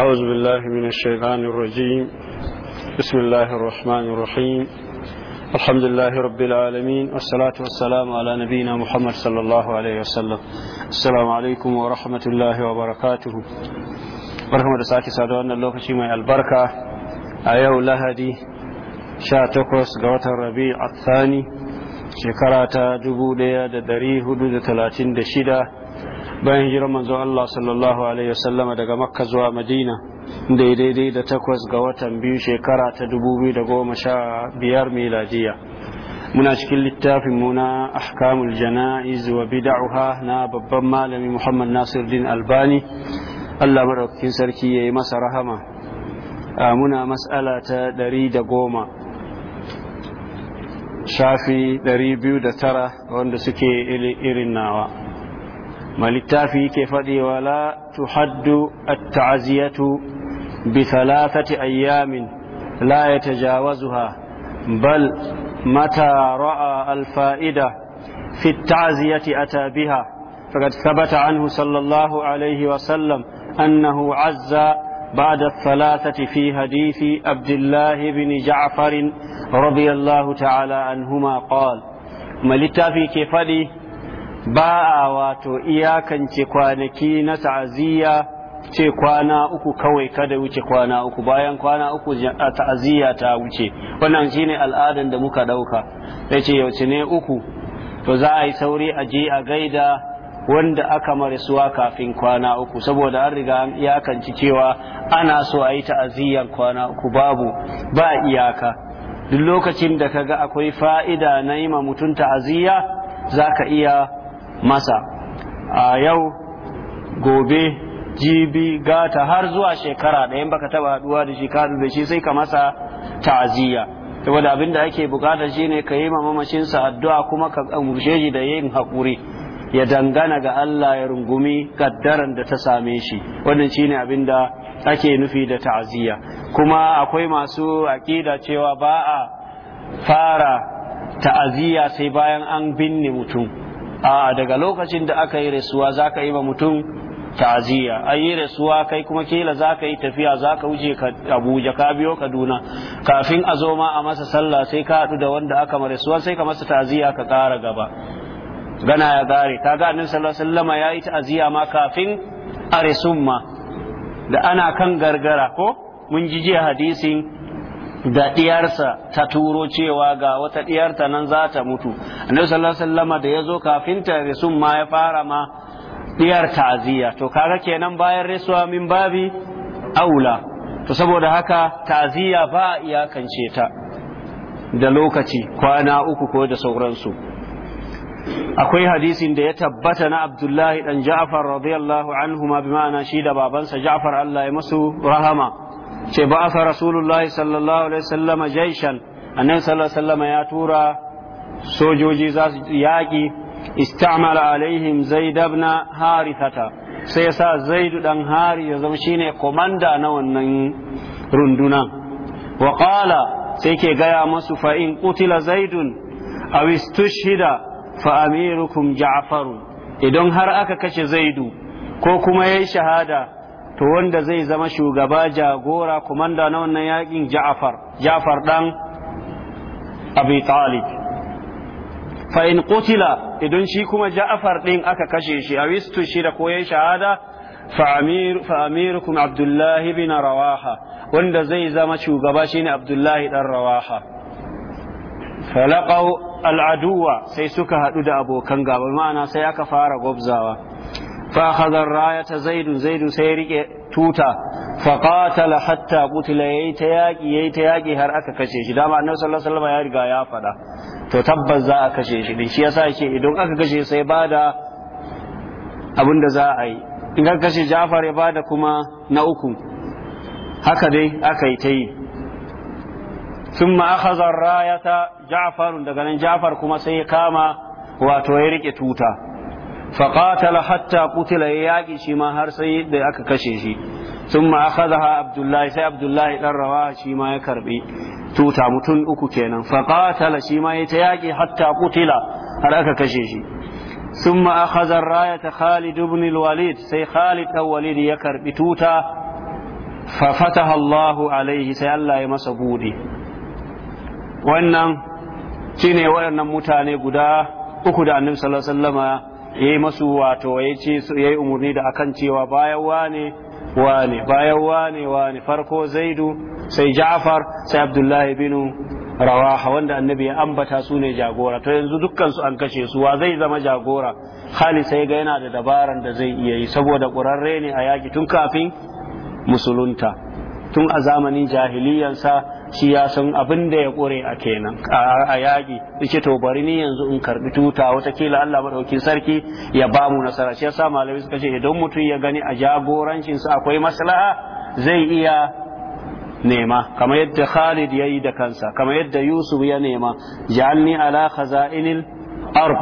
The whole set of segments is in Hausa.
أعوذ بالله من الشيطان الرجيم بسم الله الرحمن الرحيم الحمد لله رب العالمين والصلاة والسلام على نبينا محمد صلى الله عليه وسلم السلام عليكم ورحمة الله وبركاته barkamu da sake saduwa wannan lokaci mai albarka a yau lahadi 18 ga watan rabi a tsani shekara ta 1436 bayan jiran manzo Allah sallallahu alaihi wasallam daga makka zuwa madina daidai da takwas ga watan biyu shekara ta dubu biyu da goma sha biyar miladiya muna cikin littafin mu na ahkamul jana'iz wa bid'uha na babban malami Muhammad Nasir din Albani Allah maraukin sarki ya yi masa rahama muna mas'ala ta ɗari da goma shafi ɗari biyu da tara wanda suke irin nawa malittafi ke faɗi wala haddu at-ta'ziyatu bi thalathati ayyamin la yatajawazuha bal mata ra'a al-fa'ida fi at-ta'ziyati ata biha faqad thabata anhu sallallahu alayhi wa sallam annahu azza بعد الثلاثة fi حديث عبد الله بن جعفر رضي الله تعالى عنهما قال ما ke كفدي ba a wato iyakance kwanaki na ta'aziyya ce kwana uku kawai kada wuce kwana uku bayan kwana uku ta'aziyya ta wuce wannan shine al'adan da muka dauka sai ce yauce ne uku to za a yi sauri a je a gaida wanda aka marisuwa kafin kwana uku saboda an riga an iyakanci cewa ana so a yi ta'aziyyar kwana uku babu ba iyaka duk lokacin da kaga akwai fa'ida na yi ma mutum ta'aziyya za ka iya masa a yau gobe jibi gata har zuwa shekara ɗayan baka taba haduwa da shi kadu da shi sai ka masa ta'aziyya saboda abin da ake bukata shine ka yi mamacinsa addu'a kuma ka umurce shi da yin haƙuri ya dangana ga Allah ya rungumi kaddaran da ta same shi wannan shine abin da ake nufi da ta'aziyya kuma akwai masu aƙida cewa ba a fara ta'aziyya sai bayan an binne mutum A'a daga lokacin da aka yi rasuwa za ka yi ma mutum ta'aziyya an yi rasuwa kai kuma kila za ka yi tafiya za ka wuce abuja ka biyo kaduna kafin a zo ma a masa sallah sai ka haɗu da wanda aka ma rasuwa sai ka masa taziya ka ƙara gaba gana ya gare ta ga annin sallallahu ya yi ta'aziyya ma kafin a ma da ana kan gargara ko mun ji jiya hadisin da ɗiyarsa ta turo cewa ga wata ɗiyarta nan za ta mutu annabi sallallahu alaihi wasallama da ya zo kafin ta risun ma ya fara ma ɗiyar ta'aziyya to kaga kenan bayan rasuwa min babi aula to saboda haka ta'aziyya ba a iyakance ta da lokaci kwana uku ko da sauransu akwai hadisin da ya tabbata na abdullahi dan ja'far radiyallahu anhu ma bi ma'ana shi da babansa ja'far Allah ya masu rahama ce ba asa rasulullahi sallallahu alaihi sallama jaishan annan sallallahu sallama ya tura sojoji za su yaƙi istamala alaihim dabna na harithata sai sa zaidu dan hari ya zama shine komanda na wannan runduna wa qala sai ke gaya masu fa in qutila zaidun aw istushhida fa amirukum ja'farun idan har aka kashe zaidu ko kuma yayi shahada to wanda zai zama shugaba jagora komanda na wannan yakin Ja'far Ja'far dan Abi Talib fa in qutila idan shi kuma Ja'far din aka kashe shi a wistu shi da koyen shahada fa amir fa amirukum Abdullah ibn Rawaha wanda zai zama shugaba shine Abdullahi dan Rawaha falaqau al'aduwa sai suka haɗu da abokan gaba ma'ana sai aka fara gobzawa. fa akhadha ta zaidun zaidun sai ya rike tuta fa qatala hatta qutila yayi ta yaki yayi ta yaki har aka kashe shi dama annabi sallallahu alaihi wasallam ya riga ya faɗa to tabbas za a kashe shi din shi yasa yake idan aka kashe sai bada abin da za a yi in aka kashe Ja'far ya bada kuma na uku haka dai aka yi ta yi nan jafar kuma sai ya kama wato ya واتويرك tuta. faƙatala hatta kutila ya yaƙi shi ma har sai da aka kashe shi sun ma abdullahi sai abdullahi dan rawa shi ma ya karbi tuta mutum uku kenan faƙatala shi ma ya ta yaƙi hatta kutila har aka kashe shi sun ma akhadha rayata khalid walid sai khalid dan walid ya karbi tuta fa fataha alaihi sai Allah ya masa buɗi. wannan shine waɗannan mutane guda uku da annabi sallallahu alaihi wasallama yi masu wato ya ce ya yi umarni da akan cewa bayan wane wane bayan wane wane farko zaidu sai ja'far sai abdullahi binu rawaha wanda annabi ya ambata su ne jagora to yanzu dukkan an kashe su wa zai zama jagora Hali sai ga yana da dabaran da zai iya yi saboda ƙurarre ne a yaki tun kafin musulunta tun a zamanin jahiliyansa shi ya san abin da ya ƙure a kenan a yaƙi ce to bari ni yanzu in karɓi tuta watakila Allah madaukakin sarki ya ba mu nasara shi yasa malami suka ce idan mutum ya gani a jagorancin akwai maslaha zai iya nema kamar yadda Khalid ya yi da kansa kamar yadda Yusuf ya nema ja'alni ala khaza'inil arb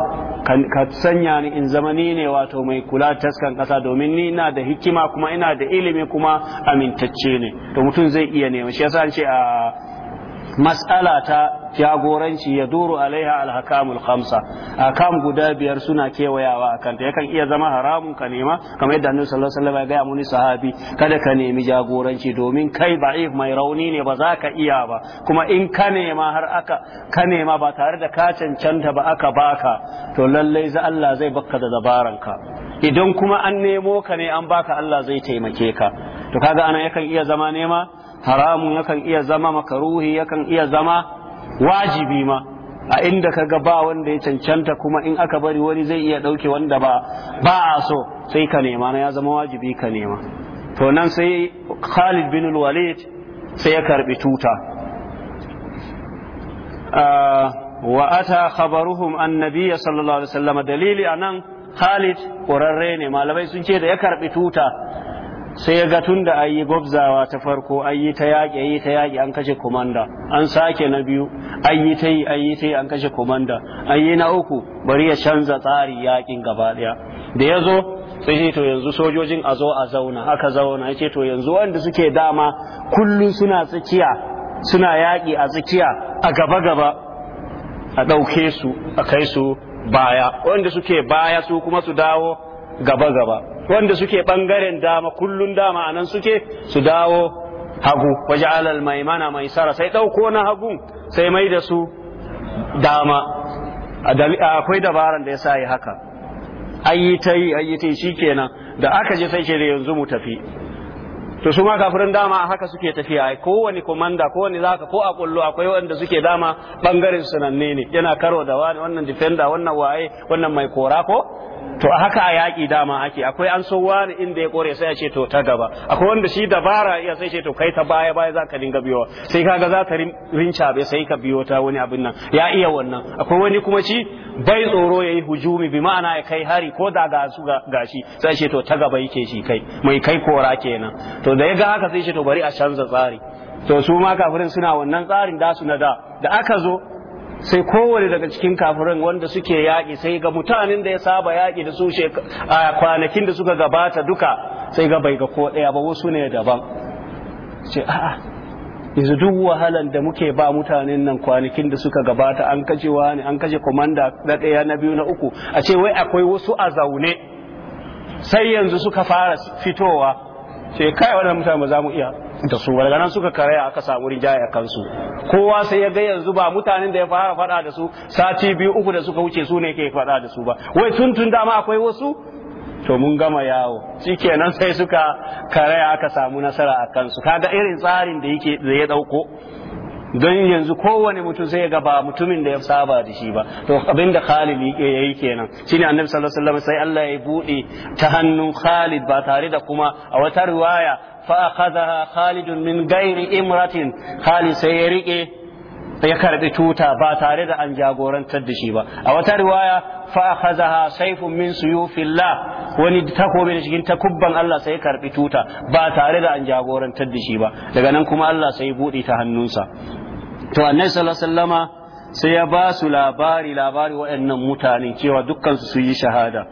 ka sanya ni in zama ni ne wato mai kula taskan kasa domin ni ina da hikima kuma ina da ilimi kuma amintacce ne to mutum zai iya nema shi yasa an ce a mas'ala ta jagoranci ya duru alaiha alhakamul khamsa akam guda biyar suna kewayawa akan ta yakan iya zama haramun ka nema kamar yadda annabi sallallahu alaihi wasallam ya gaya muni sahabi kada ka nemi jagoranci domin kai ba'if mai rauni ne ba za ka iya ba kuma in ka nema har aka ka nema ba tare da ka cancanta ba aka baka to lallai za Allah zai baka da ka idan kuma an nemo ka ne an baka Allah zai taimake ka to kaga ana yakan iya zama nema haramun yakan iya zama makaruhi yakan iya zama wajibi ma a inda ga ba wanda ya cancanta kuma in aka bari wani zai iya ɗauke wanda ba ba a so sai ka nema na ya zama wajibi ka nema to nan sai Khalid bin Walid sai ya karbi tuta wa ata khabaruhum annabiyya sallallahu alaihi wasallam dalili anan Khalid ƙurarre ne malamai sun ce da ya karbi tuta sai ya ga tun da an yi ta farko an yi ta yaƙi an ta yaƙi an kashe komanda an sake na biyu an yi ta yi an ta yi an kashe komanda an na uku bari ya canza tsari yaƙin gaba ɗaya da ya zo sai ce to yanzu sojojin a zo a zauna aka zauna ya ce to yanzu wanda suke dama kullum suna tsakiya suna yaƙi a tsakiya a gaba gaba a ɗauke su a kai su baya wanda suke baya su kuma su dawo gaba gaba wanda suke bangaren dama kullun dama anan suke su dawo hagu waje alal mana mai sara sai ɗauko na hagu sai mai da su dama akwai dabaran da ya sa yi haka ayi ta yi ayi ta shikenan da aka je sai ke da yanzu mu tafi to su ma kafirin dama haka suke tafiya ai kowane komanda kowane zaka ko a kullu akwai wanda suke dama bangaren sananne ne yana karo da wani wannan defender wannan waye wannan mai kora ko to a haka a yaƙi dama ake akwai an so wani inda ya kore sai ya ce to ta gaba akwai wanda shi dabara iya sai ce to kai ta baya baya za ka dinga biyowa sai kaga za ta rinca bai sai ka biyo ta wani abin nan ya iya wannan akwai wani kuma shi bai tsoro ya yi hujumi bi ma'ana ya kai hari ko da ga shi gashi sai ce to ta gaba yake shi kai mai kai kora kenan to da ya ga haka sai ce to bari a canza tsari to su ma kafirin suna wannan tsarin da su na da da aka zo sai kowane daga cikin kafirin wanda suke yaƙi sai ga mutanen da ya saba yaƙi da su a kwanakin da suka gabata duka sai ga bai ga ko ɗaya ba wasu ne daban ce a'a yanzu duk wahalan da muke ba mutanen nan kwanakin da suka gabata an kashe wani an kashe komanda na ɗaya na biyu na uku a ce wai akwai wasu a zaune sai yanzu suka fara fitowa ce kai wannan mutane ba za mu iya da su daga nan suka karaya aka samu rinjaye a kansu kowa sai ya ga yanzu ba mutanen da ya fara faɗa da su sati biyu uku da suka wuce su ne ke faɗa da su ba wai tun tun dama akwai wasu to mun gama yawo shikenan sai suka karaya aka samu nasara a kansu kaga irin tsarin da yake da ya dauko don yanzu kowane mutum sai ga ba mutumin da ya saba da shi ba to abinda Khalid Khalid yayi kenan shine Annabi sallallahu alaihi wasallam sai Allah ya bude ta hannun Khalid ba tare da kuma a wata riwaya fa akhadha Khalid min ghairi imratin Khalid sai ya rike ya karbi tuta ba tare da an jagorantar da shi ba a wata riwaya fa akhazaha sayfun min suyufillah wani takobi da cikin takubban Allah sai ya karbi tuta ba tare da an jagorantar da shi ba daga nan kuma Allah sai ya bude ta hannunsa to annabi sallallahu alaihi wasallama sai ya ba su labari labari waɗannan mutane cewa dukkan su su yi shahada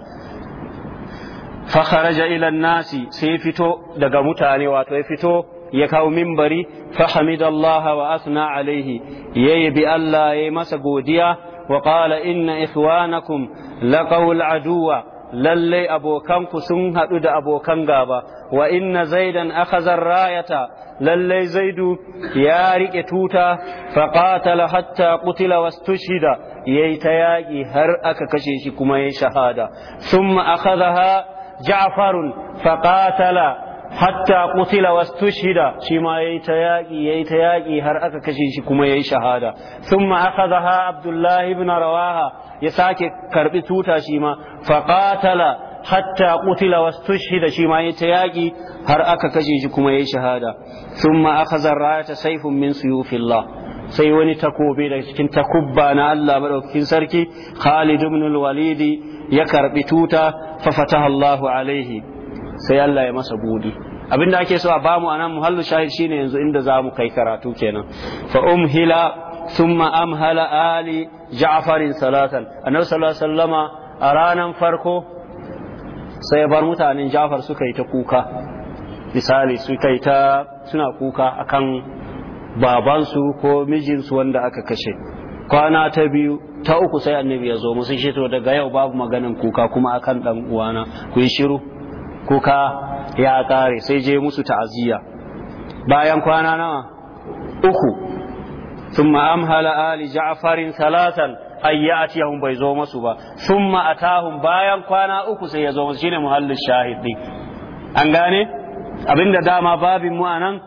fa kharaja ila nasi sai fito daga mutane wato ya fito ya kawo mimbari fa allah wa asna alaihi yayi bi Allah yayi masa godiya wa qala inna ikhwanakum laqawul aduwa lallai abokanku sun haɗu da abokan gaba wa inna zaidan akhazar rayata lallai zaidu ya riƙe tuta faƙatala hatta qutila wastushhida yayi ta yaƙi har aka kashe shi kuma yayi shahada summa akhadha ja'farun faqatala hatta qutila wastushhida shi ma yayi ta yaki ta har aka kashe shi kuma yayi shahada thumma zaha Abdullahi ibn rawaha ya sake karɓi tuta shi ma fa qatala hatta qutila wastushhida shi ma yayi ta yaƙi har aka kashe shi kuma yayi shahada thumma akhadha ra'ata saifin min suyufillah sai wani takobi daga cikin takubba na Allah madaukakin sarki Khalid ibn al ya karbi tuta fa fataha Allahu alaihi sai Allah ya masa gudi abinda ake so a bamu anan muhallu shahid shine yanzu inda za mu kai karatu kenan fa umhila thumma amhala ali ja'farin salatan annabi sallallahu alaihi wasallama a ranan farko sai bar mutanen ja'far suka yi ta kuka misali suka yi ta suna kuka akan babansu ko mijinsu wanda aka kashe kwana ta biyu ta uku sai annabi ya zo musu shi to daga yau babu maganin kuka kuma akan dan uwana ku yi shiru kuka ya kare sai je musu ta'aziyya bayan kwana nawa uku thumma amhala ali ja'farin salatan ay ya'tiyahum bai zo masu ba thumma atahum bayan kwana uku sai ya zo musu shine muhallin shahidi an gane abinda dama babin mu anan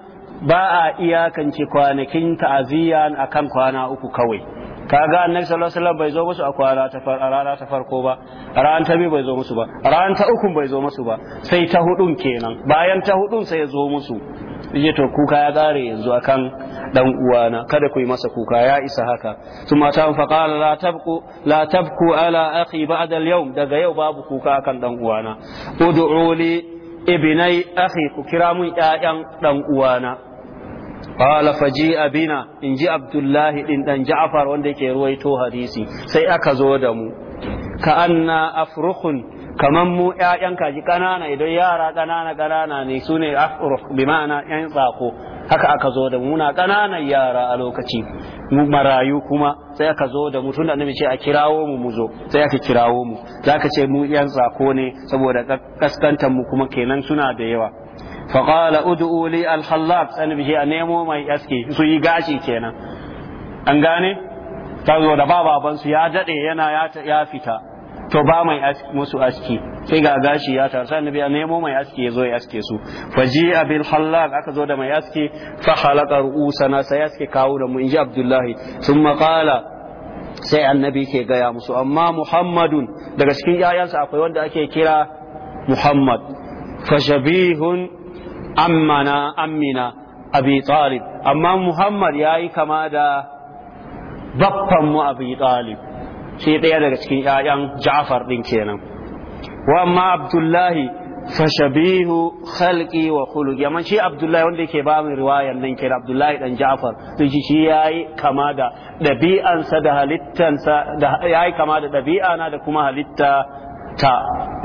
ba a iyakance kwanakin ta'aziyya akan kwana uku kawai kaga annabi sallallahu alaihi wasallam bai zo musu a kwana ta far rana ta farko ba ran ta bai zo musu ba ran ta uku bai zo musu ba sai ta hudun kenan bayan ta hudun sai ya zo musu yace to kuka ya kare yanzu akan dan uwana kada ku yi masa kuka ya isa haka kuma ta fa qala la tabku la tabqu ala akhi ba'da al-yawm daga yau babu kuka akan dan uwana ud'u li ibnai akhi ku kira mun ƴaƴan dan uwana qala faji abina in ji abdullahi din dan ja'far wanda yake ruwaito hadisi sai aka zo da mu ka anna afrukhun kaman mu ƴaƴan kaji kanana idan yara kanana kanana ne sune afrukh bi ma'ana ƴan tsako haka aka zo da mu muna kananan yara a lokaci mu marayu kuma sai aka zo da mu tunda annabi ce a kirawo mu mu zo sai aka kirawo mu zaka ce mu ƴan tsako ne saboda kaskantar mu kuma kenan suna da yawa faƙala ud'u li al-khallaq annabi a nemo mai aski su yi gashi kenan an gane ta zo da bababan su ya dade yana ya fita to ba mai musu aski sai ga gashi ya tarsa annabi a nemo mai aski yazo ya aske su faji'a bil khallaq aka zo da mai aski fa khalaqa ru'usana sai aski kawo da mu inji abdullahi Sun qala sai annabi ke gaya musu amma muhammadun daga cikin yayansa akwai wanda ake kira muhammad fashabihun ammana ammina abi talib amma muhammad ya yi kama da baffanmu abi talib shi ɗaya daga cikin 'ya'yan ja'far ɗin kenan wa amma abdullahi fashabihu khalqi wa khuluqi amma shi abdullahi wanda yake ba mu riwayar nan kira abdullahi dan ja'far to shi shi yayi kama da dabi'ansa da halittansa da yayi kama da na da kuma halitta ta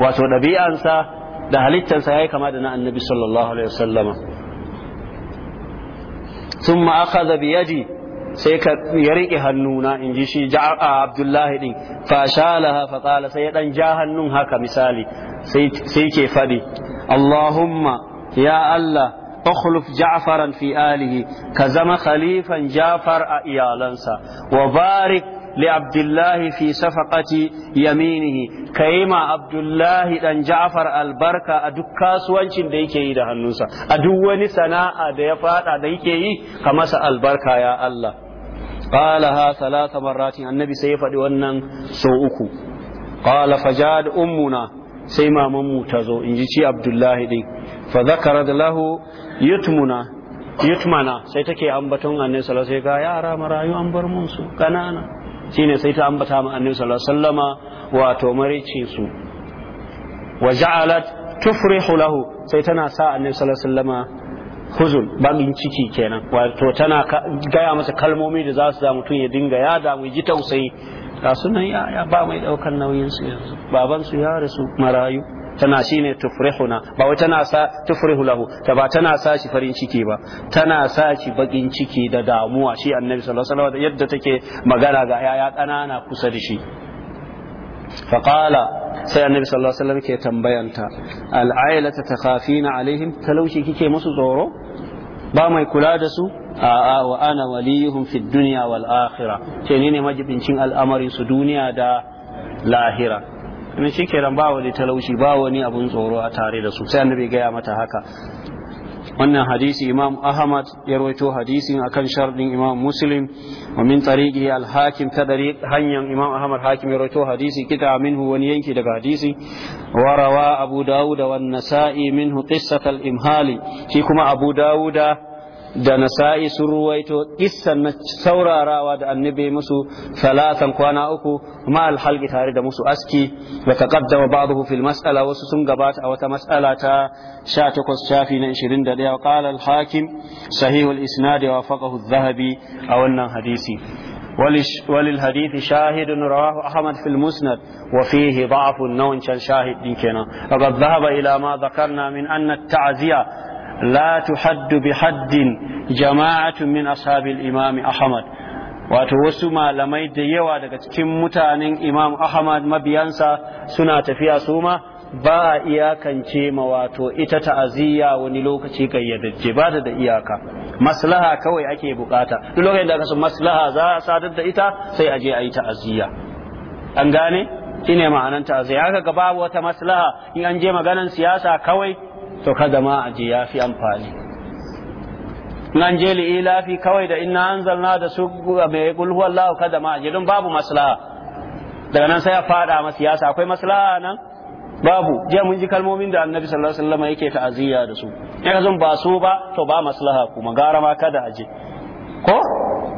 wato dabi'ansa da halittansa ya yi kama da na annabi sallallahu alaihi wasallama sun ma'aka bi yaji sai ka ya riƙe hannuna in ji shi abdullahi ɗin fashalaha faƙala sai ya ɗan ja hannun haka misali sai ke faɗi allahumma ya allah فاخلف جعفرا في آله كزم خليفا جعفر iyalansa وبارك li abdullahi fi safaqati yaminihi ma abdullahi dan ja'far albarka a duk kasuwancin da yake yi da hannunsa a duk wani sana'a da ya faɗa da yake yi ka masa albarka ya Allah qalaha thalatha marratin annabi sai ya faɗi wannan sau uku qala da umuna sai mamanmu ta zo in ji ci abdullahi din fa zakara lahu yutmuna sai take ambaton annabi sallallahu alaihi wasallam sai ga yara marayu an bar mun kanana shine sai ta ambata ma annabi sallallahu alaihi wasallama wato marice su wa ja'alat tufrihu lahu sai tana sa annabi sallallahu alaihi wasallama huzun ciki kenan wato tana gaya masa kalmomi da za su da mutum ya dinga ya damu ji tausayi ga sunan ya ba mai daukar nauyin su yanzu baban su ya rasu marayu tana ne tufrihuna ba wai tana sa tufrihu lahu ta ba tana sa shi farin ciki ba tana sa shi bakin ciki da damuwa shi annabi sallallahu alaihi wasallam yadda take magana ga yaya kanana kusa da shi faqala sai annabi sallallahu alaihi wasallam ke tambayanta al'ailata takhafina alaihim talaushi kike musu tsoro ba mai kula da su a'a wa ana waliyuhum fi dunya wal akhirah ce ni ne majibincin al'amarin su duniya da lahira domin shi kenan ba wani talauci ba wani abun tsoro a tare da su sai annabi gaya mata haka wannan hadisi imam ahmad ya rawaito hadisin akan shardin imam muslim wa min tariqi al hakim ta dari hanyar imam ahmad hakim ya rawaito hadisi kita minhu wani yanki daga hadisi wa rawa abu dawud wa nasa'i minhu qissat al imhali shi kuma abu dawuda da nasa'i sun ruwaito kissan na saurarawa da annabi musu salatan kwana uku ma alhalqi tare da musu aski wa taqaddama ba'dahu fil mas'ala wasu sun gabata a wata mas'ala ta 18 shafi na 21 wa qala al hakim sahih al isnad wa faqahu dhahabi a wannan hadisi وللحديث شاهد رواه أحمد في المسند وفيه ضعف نون shahid ɗin kenan وقد ذهب إلى ما min anna أن التعزية la tuhaddu bi haddin jama'atun min ashabil Imami ahmad wato wasu malamai da yawa daga cikin mutanen imam ahmad mabiyansa suna tafiya su ma ba a iyakance ma wato ita ta'aziyya wani lokaci kayyadajje ba da iyaka maslaha kawai ake bukata duk lokacin da san maslaha za a sadar da ita sai a je a yi ta'aziyya an gane shine ma'anan ta'aziyya haka ga babu wata maslaha in an je maganar siyasa kawai to kada ma a je ya fi amfani nan je li'ilafi kawai da inna anzalna da su mai kulhu Allah kada ma a je don babu maslaha daga nan sai ya fada ma siyasa akwai maslaha nan babu jiya mun ji kalmomin da annabi sallallahu alaihi wasallam yake ta'aziyya da su in ba su ba to ba maslaha kuma gara ma kada a je ko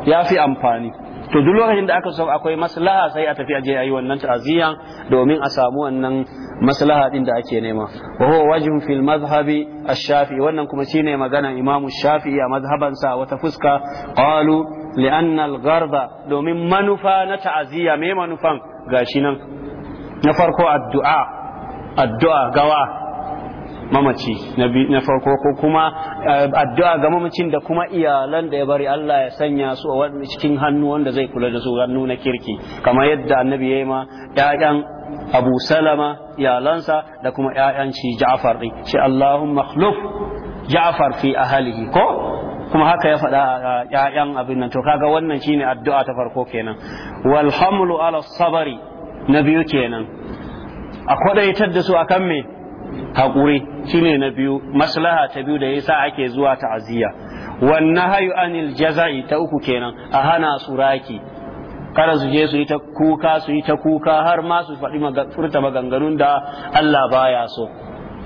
ya fi amfani to duk lokacin da aka san akwai maslaha sai a tafi aje yi wannan ta'aziyya domin a samu wannan maslaha din da ake nema wa huwa wajhun fil madhhabi ash-shafi wannan kuma shine maganan imamu shafi a madhabansa wata fuska qalu li'anna al-gharba domin manufa na ta'aziyya me manufan gashi nan na farko addu'a addu'a gawa mamaci na farko ko kuma eh, addu'a ga mamacin da kuma iyalan da ya bari Allah ya sanya su a cikin hannu wanda zai kula da su hannu na kirki kamar yadda annabi ya yi ma ‘ya'yan abu salama iyalansa da kuma ‘ya'yan shi ja'far ɗin shi Allahun makhluf ja'far fi halihi ko kuma haka ya faɗa a ‘ya'yan abin nan to kaga wannan shine addu'a ta farko kenan walhamlu ala sabari na biyu kenan a kwadaitar da su a kan me haƙuri shine na biyu maslaha ta biyu da yasa ake zuwa ta'aziyya wannan hayu anil jaza'i ta uku kenan a hana suraki. raki kada su je su yi ta kuka su yi ta kuka har ma su faɗi furta maganganun da Allah baya so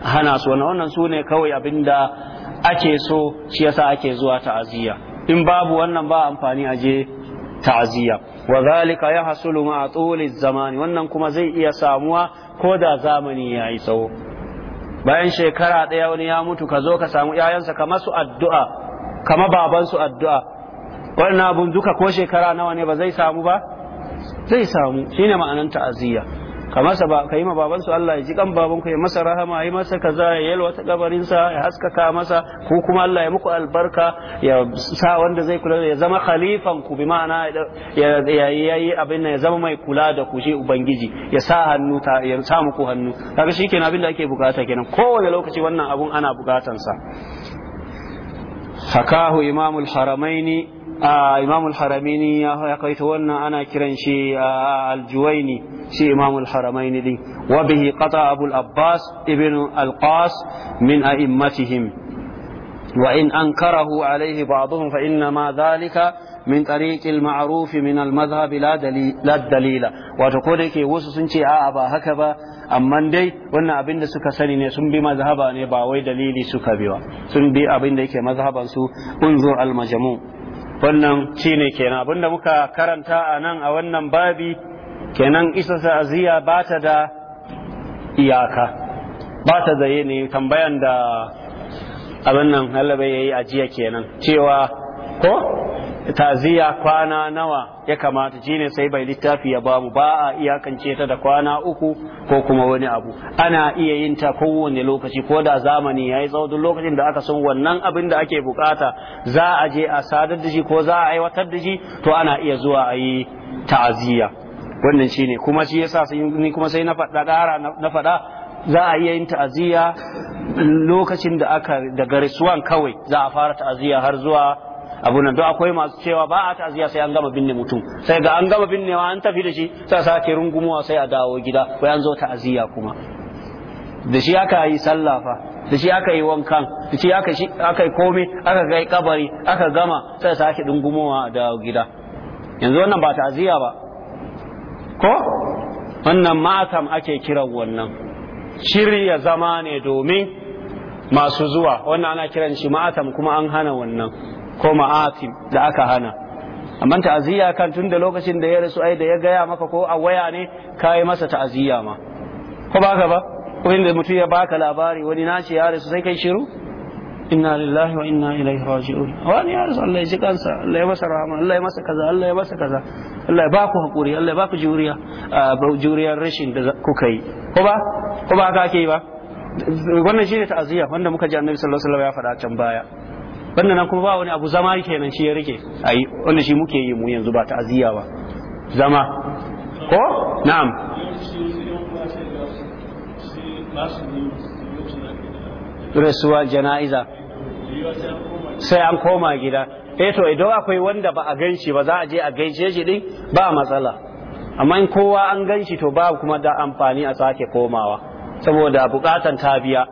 hana su wannan wannan su kawai abinda ake so shi yasa ake zuwa ta'aziyya in babu wannan ba amfani a je ta'aziyya wa zalika yahsulu ma tuli zamani wannan kuma zai iya samuwa ko da zamani yayi tsawo bayan shekara ɗaya wani ya mutu ka zo ka samu ‘ya'yansa kama su addu'a kama su addu'a wannan abun duka ko shekara nawa ne ba zai samu ba zai samu shine ma'anan ta'aziyya kamar sa ba ka yi ma babansu Allah ya ji kan babanku ya masa rahama ya masa kaza ya kabarin kabarinsa ya haskaka masa ko kuma Allah ya muku albarka ya sa wanda zai kula ya zama khalifan ku bi ma'ana ya yi abin ya zama mai kula da ku shi ubangiji ya sa hannu ta ya sa muku hannu kaga shikenan abin da ake bukata kenan kowane lokaci wannan abun ana bukatansa Sakahu imamul haramaini imam al-haramaini ya kaita wannan ana kiran shi al-juwaini shi imam al-haramaini din wa bihi qata abu al-abbas ibn al-qas min a'immatihim wa in ankarahu alayhi ba'dhum fa inna ma dhalika min tariqil ma'ruf min al-madhhab la dalila wato ko da yake wasu sun ce a'a ba haka ba amma dai wannan abin da suka sani ne sun bi mazhaba ne ba wai dalili suka biwa sun bi abin da yake mazhaban su unzur al-majmu' wannan ne kenan abinda muka karanta a nan a wannan babi kenan isa ta'aziyya ba ta da iyaka ba ta da ne tambayan da abin nan ya yi yayi ajiya kenan cewa ko taziya kwana nawa ya kamata shine sai bai littafi ya bamu ba a iyakance ta da kwana uku ko kuma wani abu ana iya yin ta kowane lokaci ko da zamani ya yi tsawon lokacin da aka san wannan abin da ake bukata za a je a sadar da shi ko za a aiwatar da shi to ana iya zuwa a yi ta'aziyya wannan ne kuma shi yasa ni kuma sai na faɗa ƙara na faɗa za a iya yin ta'aziyya lokacin da aka daga risuwan kawai za a fara ta'aziyya har zuwa abu nan don akwai masu cewa ba a ta'aziyya sai an gama binne mutum sai ga an gama binnewa an tafi da shi sai sake rungumowa sai a dawo gida wai an zo ta'aziyya kuma da shi aka yi sallah fa da shi aka yi wankan da shi aka shi aka yi komai aka kai kabari aka gama sai sake rungumowa a dawo gida yanzu wannan ba ta'aziyya ba ko wannan matam ake kiran wannan shirya zama ne domin masu zuwa wannan ana kiran shi matam kuma an hana wannan ko ma'asim da aka hana amma ta'aziyya kan tun da lokacin da ya rasu ai da ya gaya maka ko a waya ne kai masa ta'aziyya ma ko ba ka ba ko inda mutum ya baka labari wani nace ya rasu sai kai shiru inna lillahi wa inna ilaihi raji'un wani ya rasu Allah ya ji kansa Allah ya masa rahama Allah ya masa kaza Allah ya masa kaza Allah ya ba ku hakuri Allah ya ba ku juriya rashin da kuka yi ko ba ko ba ka ake yi ba wannan shine ta'aziyya wanda muka ji Annabi sallallahu alaihi wasallam ya faɗa can baya wannan nan kuma ba wani abu zama kenan shi ya rike ayi wanda shi muke yi mu yanzu ba aziya ba zama ko na'am rasuwa jana'iza sai an koma gida eh to idan akwai wanda ba a ganshi ba za a je a gaishe shi din ba matsala amma in kowa an ganshi to ba kuma da amfani a sake komawa saboda bukatan tabiya biya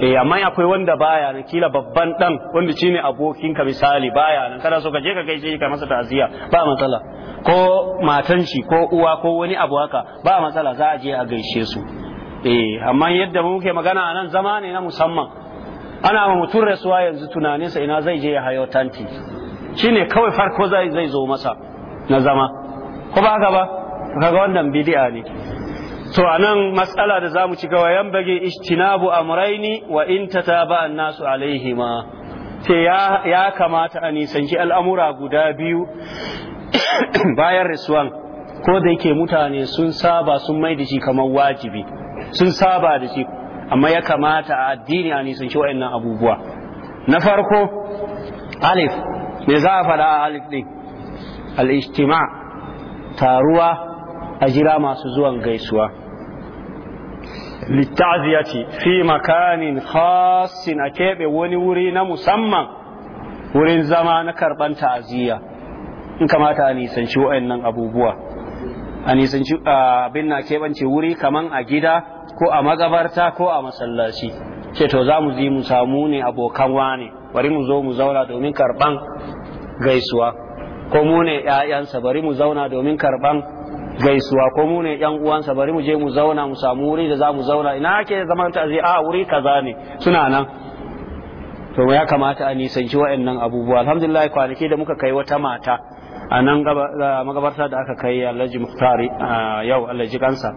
eh amma akwai wanda baya nan kila babban dan wanda shine abokin ka misali baya nan kada so ka je ka gaishe shi ka masa ta'aziyya ba matsala ko matan shi ko uwa ko wani abu haka ba matsala za a je a gaishe su eh amma yadda muke magana a nan zama ne na musamman ana ma mutum rasuwa yanzu tunanin tunaninsa ina zai je ya hayo tanti shine kawai farko zai zai zo masa na zama ko ba haka ba kaga wannan bid'a ne to anan matsala da zamu ci gaba yan bage ijtinabu amraini wa in tataba an-nasu alaihima ce ya kamata a nisanci al'amura guda biyu bayan rasuwan ko da yake mutane sun saba sun mai da kamar wajibi sun saba da shi amma ya kamata a addini a nisanci wayannan abubuwa na farko alif me za a faɗa a alif ɗin al-ijtima taruwa a jira masu zuwan gaisuwa littaziya ce fi makanin khasin a keɓe wani wuri na musamman wurin zama na karban ta'aziyya in kamata a nisanci wa'annan abubuwa a nisanci abin na keɓance wuri kaman a gida ko a magabarta ko a masallaci ce to za mu zi mu samu ne abokan wane bari mu zo mu zauna domin karban gaisuwa ko mu ne 'ya'yansa bari mu zauna domin karban gaisuwa ko mu ne yan uwansa bari mu je mu zauna mu samu wuri da za mu zauna ina ake zaman zai a wuri kaza ne suna nan to ya kamata a nisanci waɗannan abubuwa alhamdulillah kwanaki da muka kai wata mata a nan magabarta da aka kai alhaji a yau alhaji kansa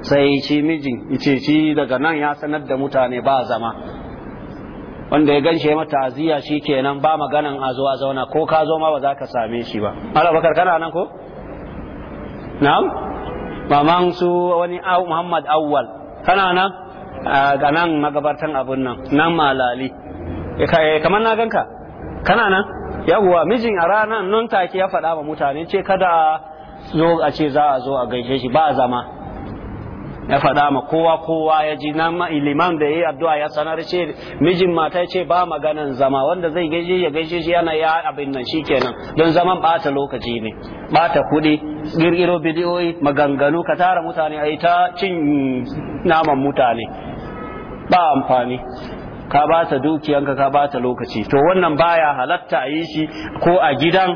sai ci mijin ice ci daga nan ya sanar da mutane ba zama wanda ya ganshe mata aziya shi kenan ba maganan a zo a zauna ko ka zo ma ba za ka same shi ba ala bakar kana nan ko na'am maman su wani Muhammad Awwal kana na ga nan magabartan abun nan nan malali e, e, kamar na ganka kana na yawwa mijin a ranar nan take ya faɗa wa mutane ce kada zo a ce za a zo a gaishe shi ba a zama ya faɗa ma kowa kowa ya ji nan liman da yayi addu'a ya sanar ce mijin mata ce ba maganan zama wanda zai gaishe ya gaishe shi yana ya abin nan shikenan don zaman bata lokaci ne bata kuɗi girgiro bidiyoyi maganganu ka tara mutane ai ta cin naman mutane ba amfani ka bata dukiyanka ka bata lokaci to wannan baya halatta a yi shi ko a gidan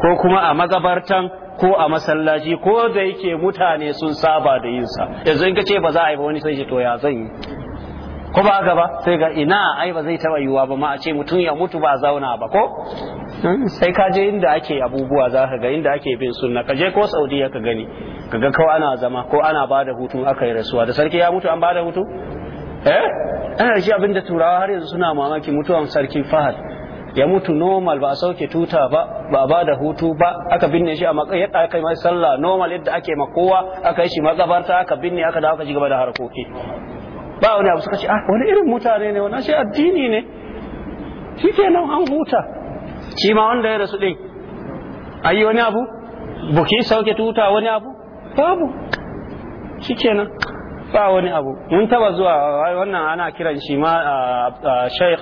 ko kuma a magabartan ko a masallaci ko da yake mutane sun saba da yin sa yanzu in ka ce ba za a yi ba wani sai shi to ya zan yi ko ba haka ba sai ga ina ai ba zai taba yiwa ba ma a ce mutum ya mutu ba zauna ba ko hmm, sai ka je inda ake abubuwa za ka ga inda ake bin sunna ka je ko saudiya ka gani ka ga kawai ana zama ko ana ba da hutu aka yi rasuwa da sarki ya mutu an ba da hutu eh ana eh, shi abinda turawa har yanzu suna mamaki mutuwan sarki fahad ya mutu normal ba a sauke tuta ba ba a bada hutu ba aka binne shi a matsayin yadda aka yi mai sallah normal yadda ake ma kowa aka yi shi mazabarta aka binne aka dawo aka ci gaba da harkoki ba wani abu suka ce ah wani irin mutane ne wannan shi addini ne nan an huta shi ma wanda ya rasu din ayi wani abu buki sauke tuta wani abu babu nan. ba wani abu mun taba zuwa wannan ana kiran shi ma Sheikh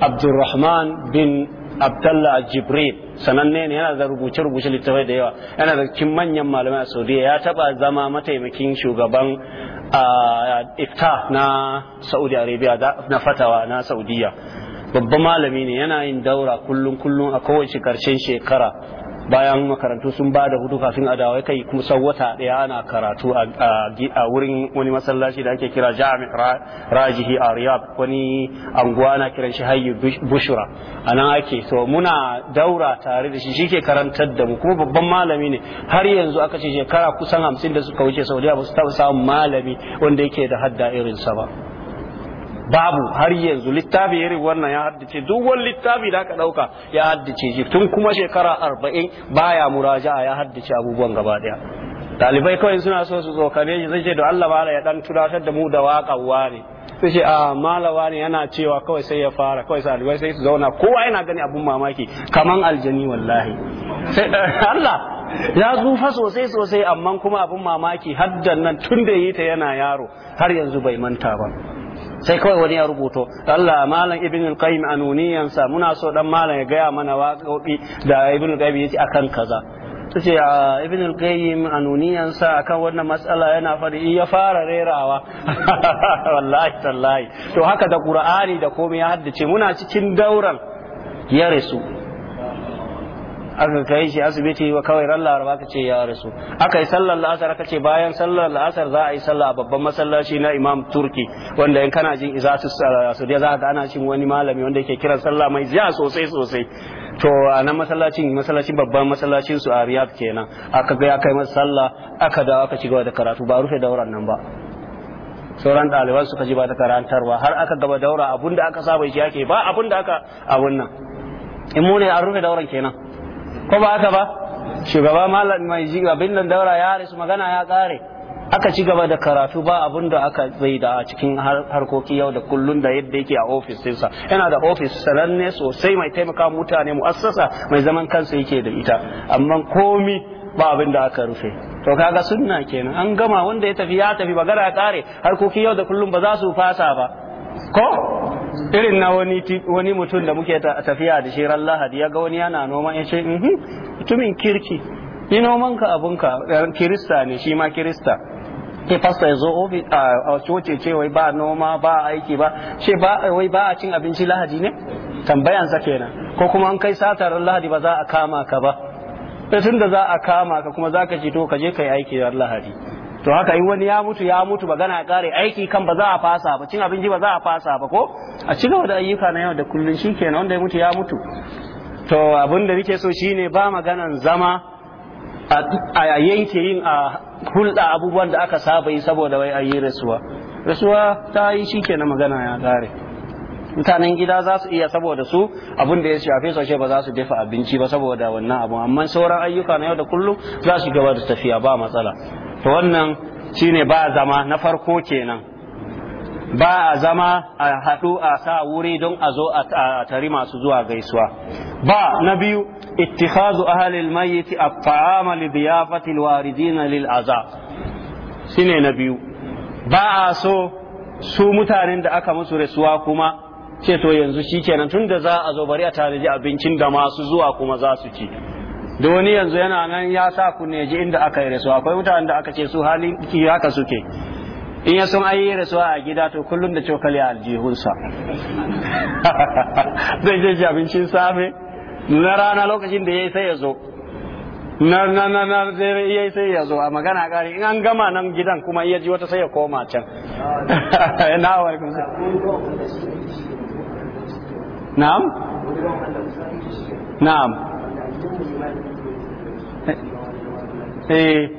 Abdulrahman bin Abdullah Jibril sananne ne yana da rubuce-rubuce littafai da yawa yana da cikin manyan malamai a Saudiya ya taba zama mataimakin shugaban ifta na Saudi Arabia na fatawa na Saudiya babban malami ne yana yin daura kullum kullum a kowace karshen shekara bayan makarantu sun ba da hudu kafin a dawo kai kuma sau wata daya ana karatu a wurin wani masallaci da ake kira jami rajihi a riyab wani anguwa na kiran shi hayyu bushra a nan ake so muna daura tare da shi shi ke karantar da mu kuma babban malami ne har yanzu aka ce shekara kusan hamsin da suka wuce saudiya ba su taɓa samun malami wanda yake da hadda irin sa ba babu har yanzu littafi irin wannan ya haddace duk wani littafi da aka dauka ya haddace shi tun kuma shekara arba'in baya muraja'a ya haddace abubuwan gaba daya dalibai kawai suna so su tsokane shi zai ce da Allah ba ya dan tunatar da mu da waka ware sai ce a ah, malawa ne yana cewa kawai sai ya fara kawai sai dalibai sai su zauna kowa yana gani abun mamaki kaman aljani wallahi sai Allah ya tsufa sosai sosai amma kuma abin mamaki haddan nan tun da yi ta yana yaro har yanzu bai manta ba sai kawai wani ya rubuto Allah malam ibn al-qayyim sa muna so dan malam ya gaya mana waƙoƙi da ibn al-qayyim yace akan kaza tace a ah, ibn al-qayyim sa akan wannan matsala yana fadi ya fara rerawa wallahi tallahi to haka da qur'ani da komai ya haddace muna cikin dauran ya rasu aka kai shi asibiti wa kawai ran laraba ka ce ya rasu aka yi sallar la'asar aka ce bayan sallar la'asar za a yi sallah a babban masallaci na imam turki wanda in kana jin iza su saudiya za ka ana cin wani malami wanda yake kiran sallah mai ziya sosai sosai to a nan masallacin masallacin babban masallacin su a riyad kenan aka ga ya kai masa sallah aka dawo aka ci gaba da karatu ba rufe dauran nan ba sauran ɗaliban suka ji ba ta karantarwa har aka gaba daura abun da aka saba shi ake ba abun da aka abun nan in mu ne an rufe dauran kenan ko ba haka ba shugaba malam mai ji abin nan daura ya rasu magana ya kare aka ci gaba da karatu ba abin da aka bai da cikin harkoki yau da kullun da yadda yake a ofis sa yana da ofis sananne sosai mai taimaka mutane mu'assasa mai zaman kansa yake da ita amma komi ba abin aka rufe to kaga sunna kenan an gama wanda ya tafi ya tafi magana ya kare harkoki yau da kullun ba za su fasa ba ko irin na wani mutum da muke tafiya da shi ran lahadi ya ga wani yana noma ya ce mhm, mutumin kirki yi noman ka abun ka eh, kirista ne shi ma kirista ke fasta ya zo a coce ce wai ba noma ba aiki ba ce wai ba a cin abinci lahadi ne tambayansa kenan ko kuma an kai satar lahadi ba za a kama ka ba tun da za a kama ka kuma za ka ce to ka je ka yi aiki lahadi to haka in wani ya mutu ya mutu magana kare aiki kan ba za a fasa ba cin abinci ba za a fasa ba ko a ci gaba da ayyuka na yau da kullum shikenan wanda ya mutu ya mutu to abin da nake so shine ba maganan zama a yanke yin a hulɗa abubuwan da aka saba yi saboda wai ayi rasuwa rasuwa ta yi shikenan magana ya kare mutanen gida za su iya saboda su abin da ya shafe su ba za su dafa abinci ba saboda wannan abu amma sauran ayyuka na yau da kullum za su gaba da tafiya ba matsala to wannan shine ba a zama na farko kenan ba a zama a haɗu a sa wuri don a zo a tari masu zuwa gaisuwa ba na biyu ittikhazu ahlil mayyit a taama li diyafati al-waridina lil azab shine na biyu ba a so su mutanen da aka musu rasuwa kuma ce to yanzu shikenan tunda za a zo bari a tanaji abincin da masu zuwa kuma za su ci da wani yanzu yana nan ya sa ku ne ji inda aka yi rasuwa akwai mutanen da aka ce su halin ki haka suke in ya sun ayi rasuwa a gida to kullum da cokali a aljihunsa zai je abincin safe na rana lokacin da ya yi sai ya zo na na na na ya yi sai ya zo a magana kare in an gama nan gidan kuma iya ji wata sai ya koma can na na'am na'am eh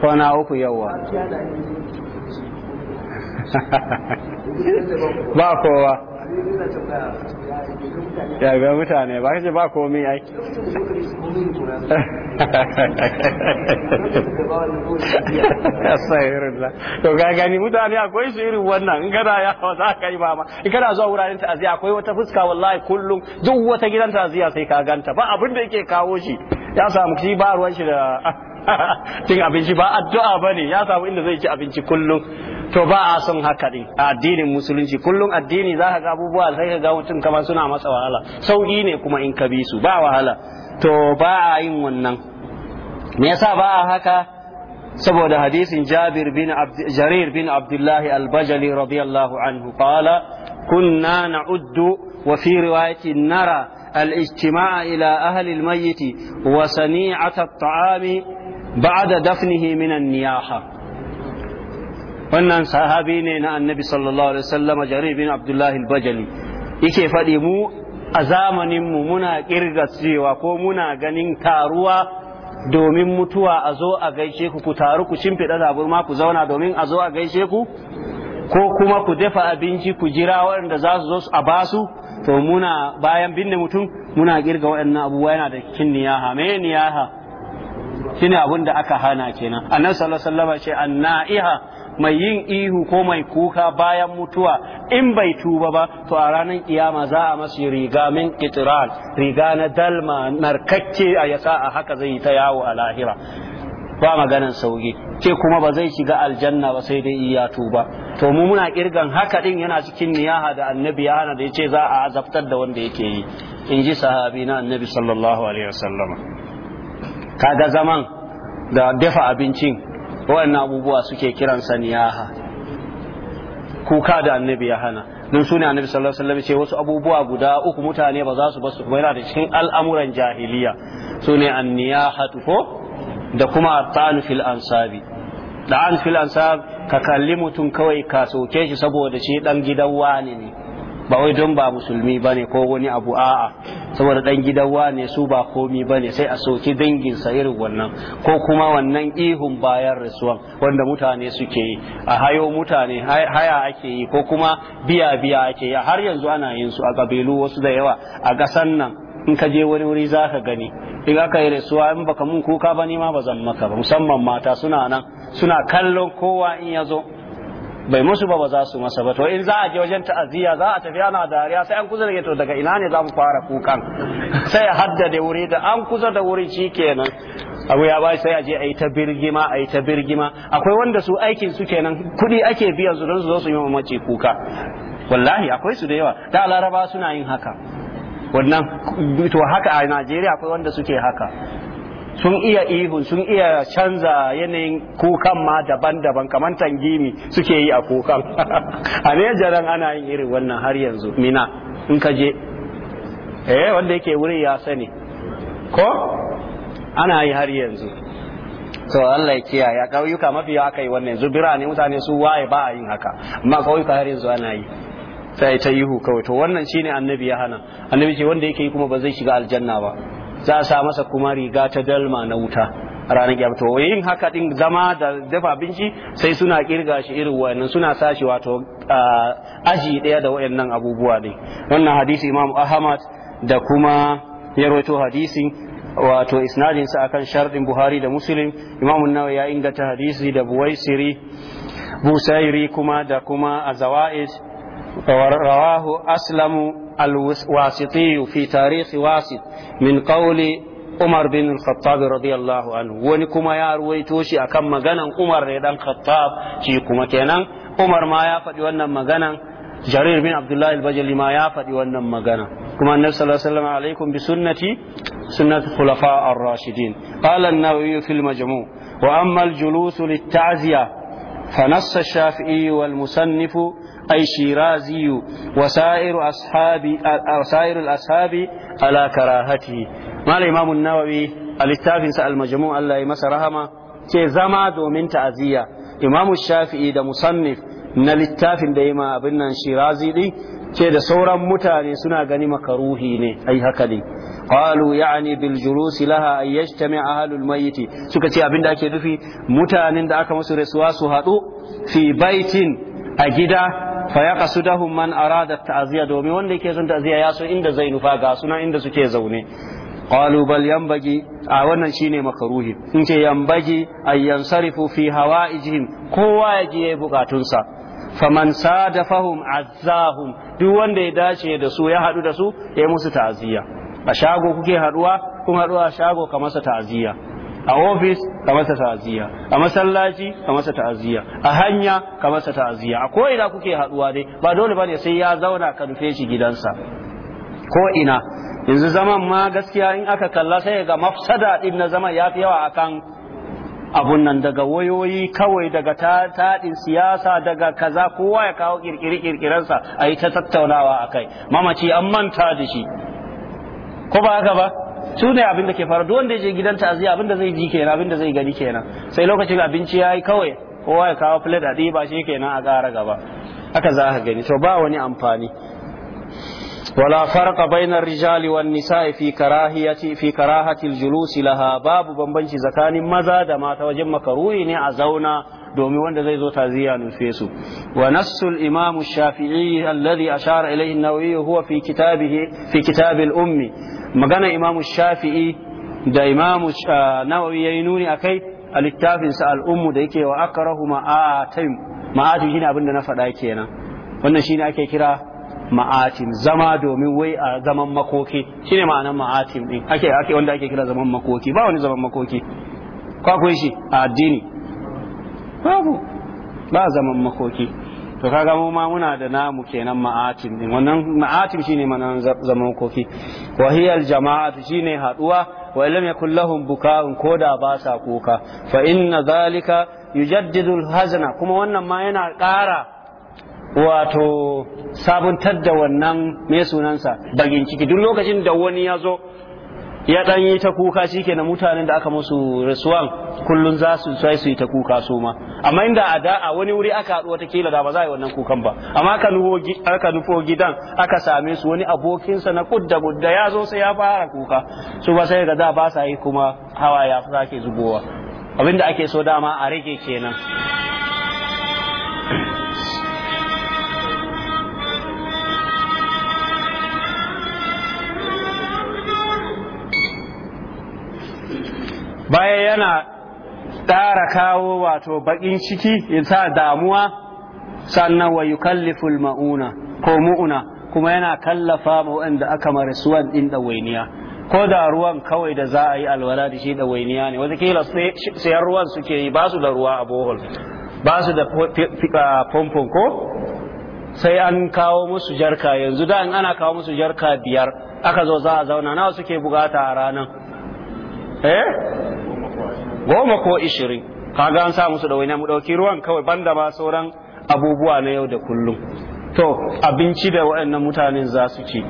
kwana uku yawa ba kowa ya mutane ba kace ba komai ai to ga gani mutane akwai su irin wannan in kana ya za ka yi ma. in kana zuwa wuraren aziya akwai wata fuska wallahi kullum duk wata gidan a'ziya sai ka ganta ba abin da yake kawo shi ya samu shi ba ruwan shi da cin abinci ba addu'a ba ne. ya samu inda zai ci abinci kullum to ba a son haka din a addinin musulunci kullum addini za ka ga abubuwa sai ka ga mutum kamar suna masa wahala sauki ne kuma in ka bi su ba wahala to ba a yin wannan me yasa ba a haka saboda hadisin Jabir bin Jarir bin abdullahi al-Bajali radiyallahu anhu qala kunna na'uddu wa fi riwayati nara al-ijtima'a ila ahli al-mayyit wa sani'ata at-ta'ami ba'ada dafnihi min niyaha wannan sahabi ne na annabi sallallahu alaihi wasallam jarir bin abdullahi al-bajali yake faɗi mu a zamanin mu muna kirga cewa ko muna ganin taruwa domin mutuwa a zo a gaishe ku ku taru ku shimfiɗa zaburma ku zauna domin a zo a gaishe ku ko kuma ku dafa abinci ku jira waɗanda za su zo a basu to muna bayan binne mutum muna kirga waɗannan abubuwa yana da cikin niyaha me niyaha shine abin da aka hana kenan annabi sallallahu alaihi wasallam ce annaiha mai yin ihu ko mai kuka bayan mutuwa in bai tuba ba to a ranar kiyama za a masu riga min kitiran riga na dalma narkakke a yasa a haka zai yi ta yawo a lahira ba maganan sauki ke kuma ba zai shiga aljanna ba sai dai iya tuba to mu muna kirgan haka din yana cikin niyaha da annabi ya hana da yace za a azabtar da wanda yake yi in ji sahabi na annabi sallallahu alaihi wasallam kaga zaman da dafa abincin waɗannan abubuwa suke kiransa niyaha kuka da annabi ya hana don su ne annabi sallallahu alaihi wasallam ce wasu abubuwa guda uku mutane ba za su ba su yana da cikin al'amuran jahiliya su ne an ko da kuma ta'an fil ansabi da'an fil ansab ka kalli mutum kawai ka soke shi saboda shi ɗan gidan wani ne ba wai don ba musulmi ba ne ko wani abu a'a saboda dan gidan ne su ba komi ba ne sai a soki sa irin wannan ko kuma wannan ihun bayan rasuwan wanda mutane suke yi a hayo mutane haya ake yi ko kuma biya biya ake yi har yanzu ana yin su a kabilu wasu da yawa a kasan nan in ka je wani wuri za ka gani in aka yi rasuwa in baka mun kuka ba ni ma ba zan maka ba musamman mata suna nan suna kallon kowa in ya zo bai musu ba ba za su masa ba to in za a je wajen ta'aziyya za a tafi ana dariya sai an kusa da to daga ina ne za mu fara kukan sai a haddade wuri da an kusa da wuri kenan abu ya bai sai a je a yi ta birgima a yi ta birgima akwai wanda su aikin su kenan kuɗi ake biyan su don su zo su yi mamaci kuka wallahi akwai su da yawa da laraba suna yin haka wannan to haka a Najeriya akwai wanda suke haka sun iya ihun sun iya canza yanayin kukan ma daban-daban kamar tangimi suke yi a kukan a jaran ana yin irin wannan har yanzu mina in ka je eh wanda yake wurin ya sani ko ana yi har yanzu to Allah ya kiyaye a ƙauyuka mafi aka yi wannan yanzu birane mutane su waye ba a yin haka amma ƙauyuka har yanzu ana yi sai ta yihu kawai to wannan shine annabi ya hana annabi ce wanda yake yi kuma ba zai shiga aljanna ba za a sa masa kuma riga ta dalma na wuta ranar kiyama to yin haka din zama da dafa abinci sai suna kirga shi irin wayannan suna sashi wato aji daya da wayannan abubuwa ne wannan hadisi Imam Ahmad da kuma ya rawaito hadisi wato isnadin sa akan sharɗin Buhari da Muslim Imam Nawawi ya inganta hadisi da Buwaisiri Busairi kuma da kuma Azawa'id rawahu aslamu الواسطي في تاريخ واسط من قول عمر بن الخطاب رضي الله عنه ونكما يا رويتوشي أكم مغانا عمر ريدان خطاب شيكما كينا عمر ما يافد وانا مغانا جرير بن عبد الله البجلي ما يافد وانا مغانا كما النبي صلى الله عليه وسلم عليكم بسنتي سنة الخلفاء الراشدين قال النووي في المجموع وأما الجلوس للتعزية فنص الشافعي والمصنف أي شيرازي وسائر أصحاب وسائر الأصحاب على كراهته ما الإمام النووي الاتفاق سأل المجموع الله zama domin ta'aziyya imamu shafi'i da musannif na littafin da ma abin nan shirazi din ce da sauran mutane suna gani makaruhi ne ai haka ne qalu ya'ni bil julus laha ay yajtami ahlul mayyit suka ce abin da ake nufi mutanen da aka masu rasuwa su haɗu fi baitin a gida fa ya qasudahum man arada ta'ziya domin wanda yake son ta'ziya ya so inda zai nufa ga suna inda suke zaune qalu bal yanbaghi a wannan shine makaruhi in ce yanbaghi ay yansarifu fi hawaijihim kowa ya je bukatunsa faman sadafahum azzahum duk wanda ya dace da su ya hadu da su ya musu ta'ziya a shago kuke haduwa kun haduwa shago ka masa ta'ziya a ofis ka masa ta'aziyya a masallaci ka masa ta'aziyya a hanya ka masa ta'aziyya a ko ina kuke haduwa dai ba dole bane sai ya zauna ka rufe shi gidansa ko ina yanzu zaman ma gaskiya in aka kalla sai ga mafsada din na zaman fi yawa akan abun nan daga wayoyi kawai daga taɗin siyasa daga kaza kowa ya kawo kirkire-kirkirensa a yi ta tattaunawa a kai mamaci an manta da shi ko ba haka ba su ne abin da ke faru duk wanda ya je gidan ta'aziyya abin da zai ji kenan abin da zai gani kenan sai lokacin abinci yayi kawai kowa ya kawo plate a ɗiba shi kenan a ƙara gaba haka za ka gani to ba wani amfani ولا فرق بين الرجال والنساء في كراهية في كراهة الجلوس لها باب بمبنشي زكاني ماذا دما توجم مكروه أزونا دومي وند زي زو تازيا نفيسو ونص الإمام الشافعي الذي أشار إليه النووي هو في كتابه في كتاب الأم magana imamu shafi'i da imamu ah, nawawi ya yi nuni a kai a littafinsa al'ummu da yake wa aka rahu ma'atim ma'atim shine abin da na faɗa kenan wannan shine ake kira ma'atim zama domin wai a zaman makoki shine ma'anan ma'atim din ake ake wanda ake kira zaman makoki ba wani zaman makoki ko shi a addini babu ba zaman makoki to kaga mu ma muna da namu kenan ma'atin din wannan ma'atin shine manan zaman kofi wa hiya al-jama'atu shine haduwa wa lam yakul lahum buka'un koda ba sa kuka fa inna zalika yujaddidu al-hazna kuma wannan ma yana ƙara wato sabuntar da wannan me sunansa bagin ciki duk lokacin da wani ya zo ya dan yi ta kuka na mutanen da aka musu rasuwan kullun za su sai su yi ta kuka su ma amma inda a da a wani wuri aka haɗu wata kila da ba za a yi wannan kukan ba amma aka nufo aka nufo gidan aka same su wani abokin sa na kudda gudda ya zo sai ya fara kuka su ba sai ga da ba sa yi kuma hawa ya sake zubowa abinda ake so dama a rage kenan baya yana ƙara kawo wato baƙin ciki sa damuwa sannan wa yukalliful ma'una ko mu'una kuma yana kallafa ma waɗanda aka mara suwan ɗin ɗawainiya ko da ruwan kawai da za a yi alwala da shi ɗawainiya ne wataƙila sayan ruwan suke yi ba su da ruwa a bohol ba su da famfon ko sai an kawo musu jarka yanzu da ana kawo musu jarka biyar aka zo za a zauna nawa suke bugata a ranan. eh goma ko ishirin kaga an sa musu da waina mu ɗauki ruwan kawai banda ba sauran abubuwa na yau da kullum to abinci da waɗannan mutanen za su ci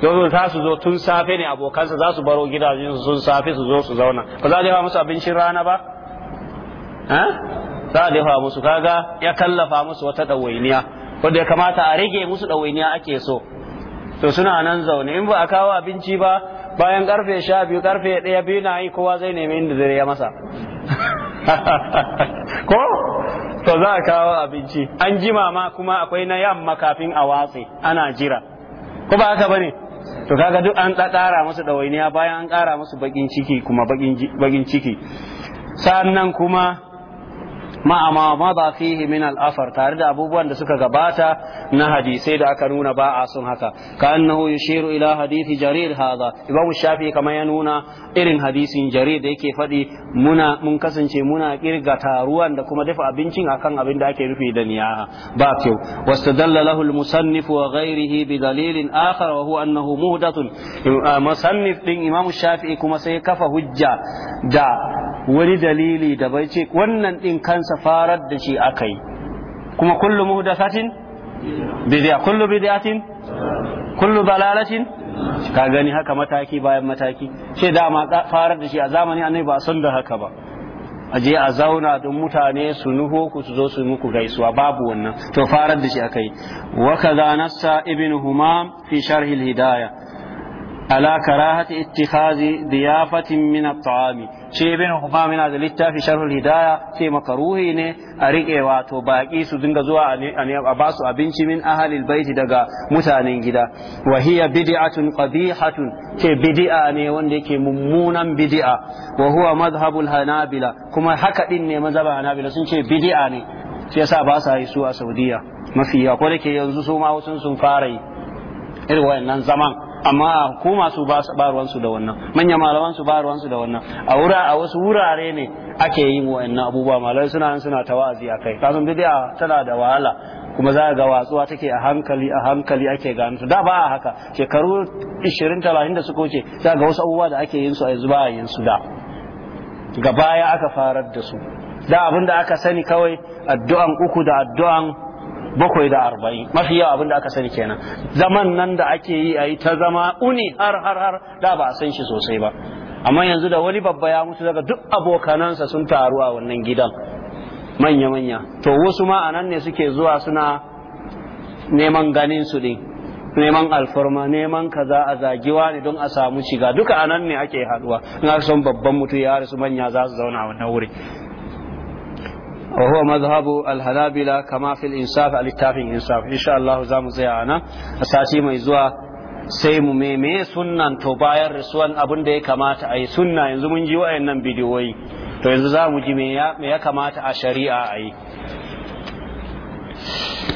yanzu za su zo tun safe ne abokansa za su baro gidajen sun safe su zo su zauna ba za a dafa musu abincin rana ba eh? za a dafa musu kaga ya kallafa musu wata ɗawainiya wanda ya kamata a rage musu ɗawainiya ake so to suna nan zaune in ba a kawo abinci ba bayan karfe sha biyu karfe ɗaya biyu na yi kowa zai nemi inda zai ya masa ko to za a kawo abinci an jima ma kuma akwai na yamma kafin a watse ana jira ko ba haka bane to kaga duk an ƙara masu ɗawainiya bayan an ƙara masu bakin ciki kuma bakin ciki sannan kuma ma ma madha fihi min al afar tare da abubuwan da suka gabata na hadisai da aka nuna ba a sun haka ka annahu yushiru ila hadisi jarir hadha imam shafi kamar ya nuna irin hadisin jarir da yake faɗi muna mun kasance muna kirga taruwan da kuma dafa abincin akan abin da ake rufe da niyya. ba kyau wastadalla lahu al musannif wa ghairihi bi dalilin akhar wa huwa annahu muhdathun ah, musannif din imam shafi kuma sai kafa hujja da wani dalili da bai ce wannan din kansa farar da shi aka yi kuma kullu muhdathatin bid'a Kullum bid'atin kullu dalalatin ka gani haka mataki bayan mataki ce dama farar da shi a zamani annabi ba san da haka ba a je a zauna don mutane su nuho ku su zo su muku gaisuwa babu wannan to farar da shi aka yi wa kaza nassa ibn humam fi sharhi al-hidayah ala karahati ittikhazi diyafatin min at-ta'ami shi ibn humam yana da littafi sharhul hidaya ce makaruhi ne a riƙe wato baƙi su dinga zuwa a ba su abinci min ahalil baiti daga mutanen gida wa hiya bid'atun qabihatun ce bid'a ne wanda yake mummunan bid'a wa huwa madhhabul hanabila kuma haka din ne mazhaban hanabila sun ce bid'a ne shi yasa ba sa yi su a saudiya mafi yawa ko da ke yanzu su ma sun fara yi irin wayannan zaman amma ko masu ba su baruwansu da wannan manyan malaman su baruwansu da wannan a wura a wasu wurare ne ake yin wa'annan abubuwa malamai suna nan suna tawazi a kai kasan tana da wahala kuma za ga watsuwa take a hankali a hankali ake gano da ba a haka shekaru 20 30 da suka wuce za ga wasu abubuwa da ake yin su a yanzu ba a yin su da ga baya aka farar da su da abin da aka sani kawai addu'an uku da addu'an bakwai da arba'in mafi yawa abin da aka sani kenan zaman nan da ake yi a yi ta zama uni har har har da ba a san shi sosai ba amma yanzu da wani babba ya mutu daga duk abokanansa sun taru a wannan gidan manya manya to wasu ma anan ne suke zuwa suna neman ganin su din neman alfarma neman kaza a zagiwa ne don a samu shiga duka anan ne ake haduwa na son babban mutu ya su manya za su zauna wannan wuri mazhabu وهو مذهب الهلابلة كما في الإنصاف الاتافين إنصاف إن شاء الله a sati mai zuwa sai mu meme sunnan to bayan rasuwan abin da ya kamata a yi sunna yanzu mun ji wa'annan bidiyoyi to yanzu za mu ji me ya kamata a shari'a a yi